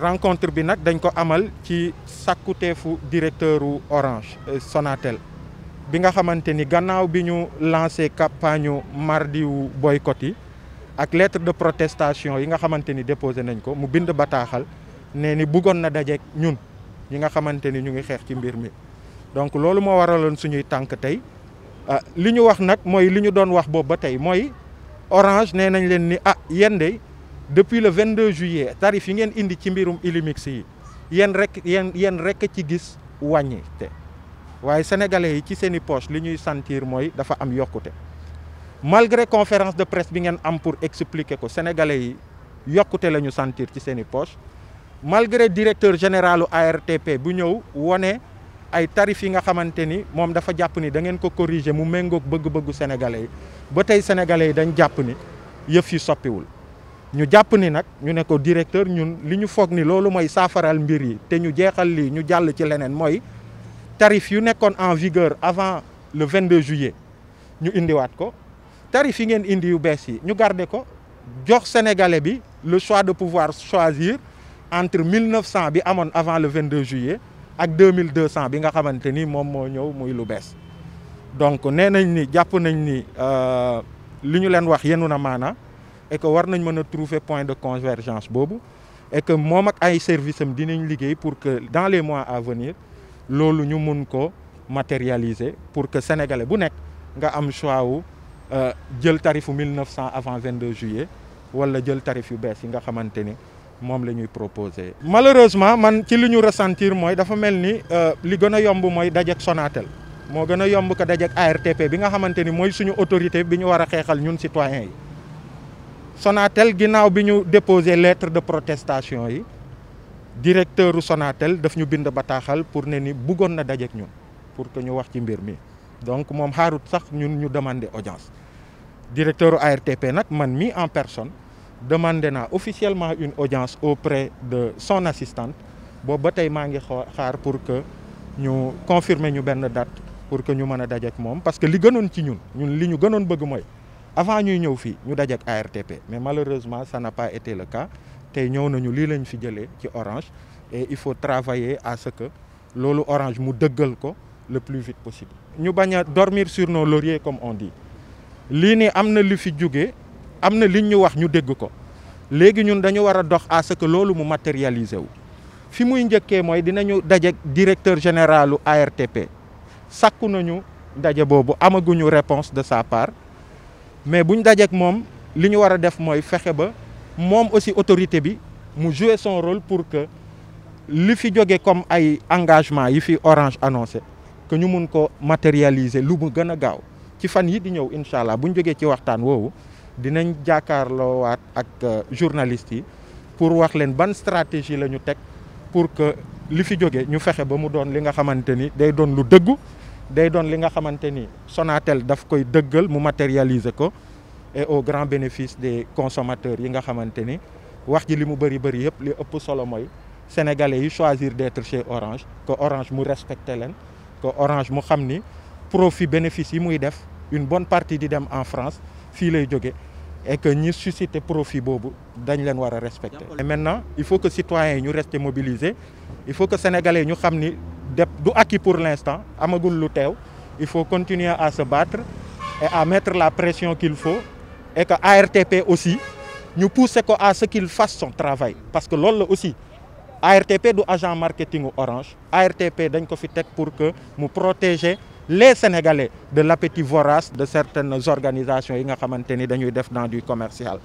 rencontre bi nak dañ ko amal ci sakoutefu directeur Orange euh, Sonatel bi nga xamanteni gannaaw bi ñu lancé campagne mardi wu boycott yi ak lettre de protestation yi nga xamanteni déposer nañ ko mu bind bataxal ne ni bëggoon na dajé ñun yi nga xamanteni ñu ngi xex ci mbir mi donc loolu mo waralon suñuy tank tay euh, liñu wax nak moy liñu doon wax ba tay moy Orange neneng nañ leen ni ah yende depuis le 22 juillet tarif yi ngeen indi ci mbirum Illimix yi yéen rek yéen yéen rek ci gis wañi te waye sénégalais yi ci seni poche li ñuy sentir moy dafa am yokkute malgré conférence de presse bi ngeen am pour expliquer ko sénégalais yi yokkute lañu sentir ci seni poche malgré directeur généralu ARTP bu ñew woné ay tarif yi nga xamanteni mom dafa japp ni da ngeen ko corriger mu mengok bëgg-bëggu sénégalais yi ba tay sénégalais yi dañ japp ni yëf yi soppiwul. Nous, jàpp ni nous ñu ne directeur ñun li ñu foog ni loolu fait. saafaral mbir yi te ñu jeexal lii ñu ci tarif yu en vigueur avant le 22 juillet nous indiwaat ko tarif yi ngeen indi yu nous yi ñu garder ko jox sénégalais bi le choix de pouvoir choisir entre 1900 avant le 22 juillet ak 2200 bi nga xamante ni moom moo muy lu donc nous nañ ni jàpp nañ ni euh, li ñu leen wax et que nous nañ trouver point de convergence et que nous ak ay services pour que dans les mois à venir nous puissions mun matérialiser pour que sénégalais bu nekk nga am choix wu tarif euh, tarifu 1900 avant 22 juillet ou jël tarif yu bees yi nga xamante proposer. malheureusement man que nous ressentons, ressentir que dafa mel des euh, li qui yomb mooy Sonatel des gën yomb ko ARTP bi nga xamante ni suñu autorité bi ñu citoyens Sonatel ginnaaw bi ñu déposé lettre de protestation yi directeur Sonatel daf ñu bind bataaxal pour ne ni buggoon na dajeek ñun pour que ñu wax ci mbir mi donc moom xaarut sax ñun ñu demandé audience directeur ARTP nag man mi en personne demandé naa officiellement une audience auprès de son assistante boobu ba tey maa ngi xaar pour que ñu confirmer ñu benn date pour que ñu mën a dajeek moom parce que li gënoon ci ñun ñun li ñu gënoon bëgg mooy avant ñuy ñëw nous ñu daje ak ARTP mais malheureusement ça n'a pas été le cas tay ñëw nañu li lañ fi jëlé ci Orange et il faut travailler à ce que lolu Orange mu dëggal ko le plus vite possible. ñu baña dormir sur nos lauriers comme on dit li ni amna li fi juggé amna li ñu wax ñu dégg ko légui ñun dañu wara dox à ce que nous mu matérialiser wu. fi muy ñëkke moy dinañu daje directeur généralu ARTP sakku nañu dajé bobu amaguñu réponse de sa part. mais bu ñu dajeek moom li ñu war a def mooy fexe ba moom aussi autorité bi mu jouer son rôle pour que li fi jóge comme ay engagement yi fi Orange annoncé que ñu mun ko matérialiser lu mu gën a gaaw ci fan yi di ñëw incha allah bu ñu jógee ci waxtaan woowu dinañ waat ak euh, journalistes yi pour wax leen ban stratégie la ñu teg pour que li fi jóge ñu fexe ba mu doon li nga xamante ni day doon lu dëggu day li nga matérialiser et au grand bénéfice des consommateurs yi nga wax ji sénégalais yi choisir d'être chez Orange que Orange mu respecter que Orange profit bénéfice yi muy une bonne partie di en France fi lay et que profit respect. Et maintenant il faut que citoyens ñu rester mobilisés il faut que sénégalais pour l'instant il faut continuer à se battre et à mettre la pression qu'il faut et que ARTP aussi nous pousse à ce qu'il fasse son travail parce que l'OL aussi ARTP agent marketing Orange ARTP est pour que nous protéger les Sénégalais de l'appétit vorace de certaines organisations qui nga fait dans du commercial